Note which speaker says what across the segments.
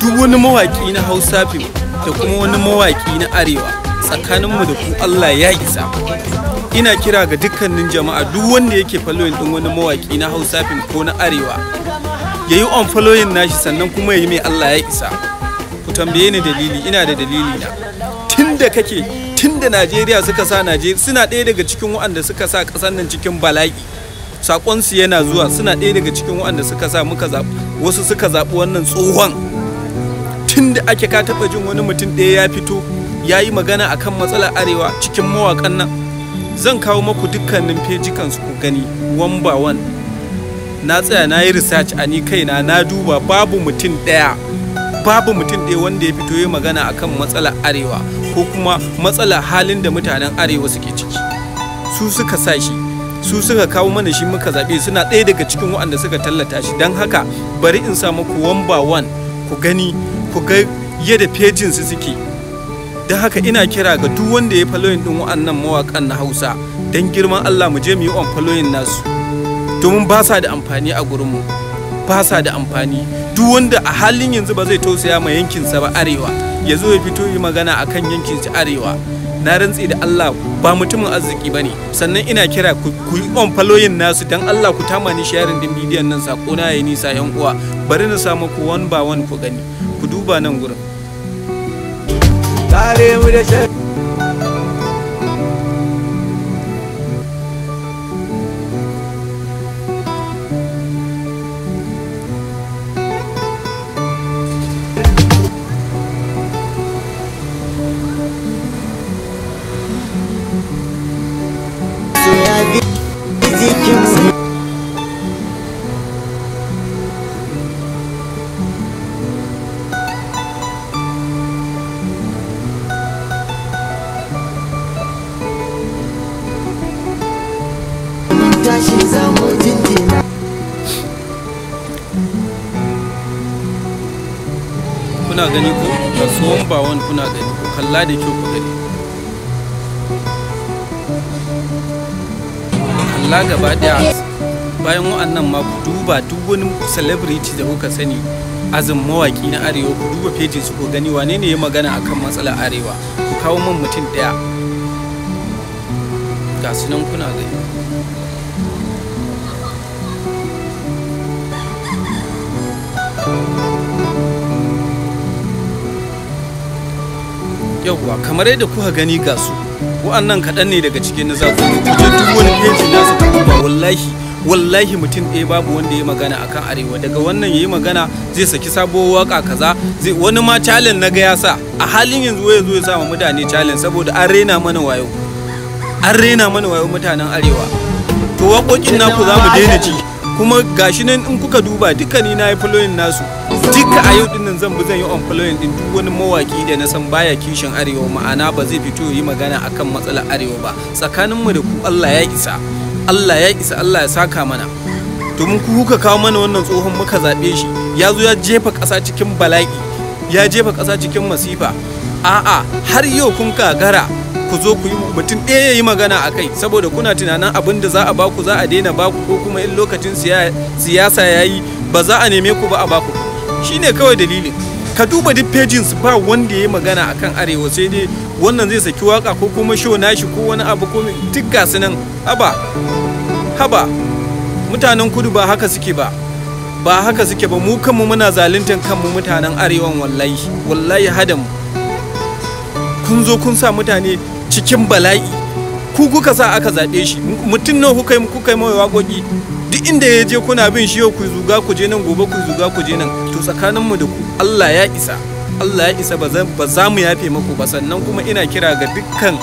Speaker 1: duk wani mawaƙi na hausa fim da kuma wani mawaƙi na arewa tsakaninmu da ku allah ya isa ina kira ga dukkanin jama'a duk wanda yake following din wani mawaƙi na hausa fim ko na arewa ya yi on following nashi sannan kuma ya yi mai allah ya isa ku tambaye ni dalili ina da dalili na tun da kake tun da najeriya suka sa najeriya suna ɗaya daga cikin waɗanda suka sa ƙasar nan cikin bala'i saƙonsu yana zuwa suna ɗaya daga cikin waɗanda suka sa muka zaɓi wasu suka zaɓi wannan tsohon inda ake ka taba jin wani mutum ɗaya ya fito ya yi magana a kan matsalar arewa cikin mawakan nan zan kawo maku dukkanin su ku gani one by one na tsaya na yi research a ni kaina na duba babu mutum ɗaya babu mutum ɗaya wanda ya fito ya magana akan matsalar arewa ko kuma matsalar halin da mutanen arewa suke ciki su suka sa su suka kawo mana shi muka zaɓe suna ɗaya daga cikin waɗanda suka tallata shi don haka bari in sa muku one by one ku gani ku ga yadda fejin su suke don haka ina kira ga duk wanda ya following din wa'annan mawakan na Hausa don girman Allah mu je mu yi on following nasu domin ba sa da amfani a gurinmu ba sa da amfani duk wanda a halin yanzu ba zai tausaya ma yankinsa ba arewa ya zo ya fito yi magana a kan yankinsa arewa na rantse da Allah ba mutumin arziki ba ne sannan ina kira ku yi on following nasu don Allah ku tamani sharing din bidiyon nan sako na ya nisa yan uwa bari na samu ku one by one ku gani ku duba nan gurin tare mu da kuna gani ko ba wani kuna gani ko kalla da kyau ku gani kalla gaba daya bayan wa'annan ma ku duba duk wani celebrity da kuka sani azin mawaki na arewa ku duba fejin su ku gani wane ne ya magana akan matsalar arewa ku kawo man mutum daya ga sunan kuna gani yawwa kamar yadda kuka gani ga su wa'annan kaɗan ne daga cikin na zaku kuje duk wani peji na su ba wallahi wallahi mutum ɗaya babu wanda ya magana akan arewa daga wannan ya yi magana zai saki sabuwar waka kaza zai wani ma challenge na ga ya sa a halin yanzu ya zo ya sa mutane challenge saboda an rena mana wayo an rena mana wayo mutanen arewa to waƙoƙin naku za mu daina ci kuma gashi nan in kuka duba duka ni na yi following nasu duka a yau dinnan zan bi zan yi unfollowing din duk wani mawaki da na san baya kishin arewa ma'ana ba zai fito yi magana akan matsalar arewa ba tsakanin mu da ku Allah ya isa Allah ya isa Allah ya saka mana to mun kuka kawo mana wannan tsohon muka zabe shi ya zo ya jefa ƙasa cikin bala'i ya jefa kasa cikin masifa a'a har yau kun kagara ku zo ku yi mutum ɗaya ya yi magana a kai saboda kuna tunanin abin da za a baku za a daina baku ko kuma in lokacin siyasa ya yi ba za a neme ku ba a baku ne kawai dalili ka duba duk pejins ba wanda ya yi magana a kan arewa sai dai wannan zai saki waka ko kuma show nashi ko wani abu ko duk ga nan haba haba mutanen kudu ba haka suke ba ba haka suke ba mu kanmu muna zaluntar kanmu mutanen arewan wallahi wallahi hadam kun zo kun sa mutane cikin bala'i ku kuka sa aka zaɓe shi mutum nawa kuka yi kuka yi waƙoƙi duk inda ya je kuna bin shi yau ku zuga ku je nan gobe ku zuga ku je nan to tsakanin mu da ku Allah ya isa Allah ya isa ba za mu yafe maku ba sannan kuma ina kira ga dukkan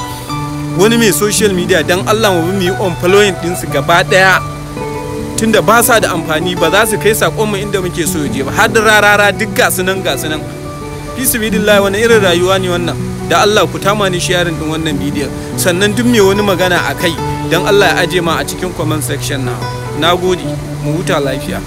Speaker 1: wani mai social media dan Allah mu bi mu yi on following su gaba ɗaya tunda ba sa da amfani ba za su kai sakon mu inda muke so je ba har da rarara duk gasu nan gasu nan fi wani irin rayuwa ne wannan da Allah ku tama ni sharing din wannan bidiyon sannan duk mai wani magana a kai don Allah ya aje ma a cikin comment section na nagodi mu huta lafiya